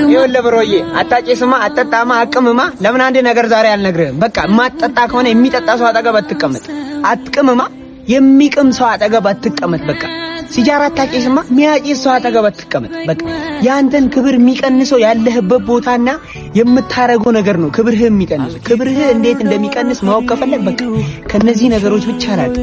ይኸውልህ ብሮዬ ስማ፣ አጠጣማ፣ አቅምማ። ለምን አንድ ነገር ዛሬ አልነግርህም? በቃ የማትጠጣ ከሆነ የሚጠጣ ሰው አጠገብ አትቀመጥ። አትቅምማ፣ የሚቅም ሰው አጠገብ አትቀመጥ። በቃ ሲጃራ አታጭስማ፣ ሚያጭስ ሰው አጠገብ አትቀመጥ። በቃ ያንተን ክብር የሚቀንሰው ያለህበት ቦታና የምታረገው ነገር ነው። ክብርህ የሚቀንሱ ክብርህ እንዴት እንደሚቀንስ ማወቅ ከፈለግ በቃ ከነዚህ ነገሮች ብቻ ናት።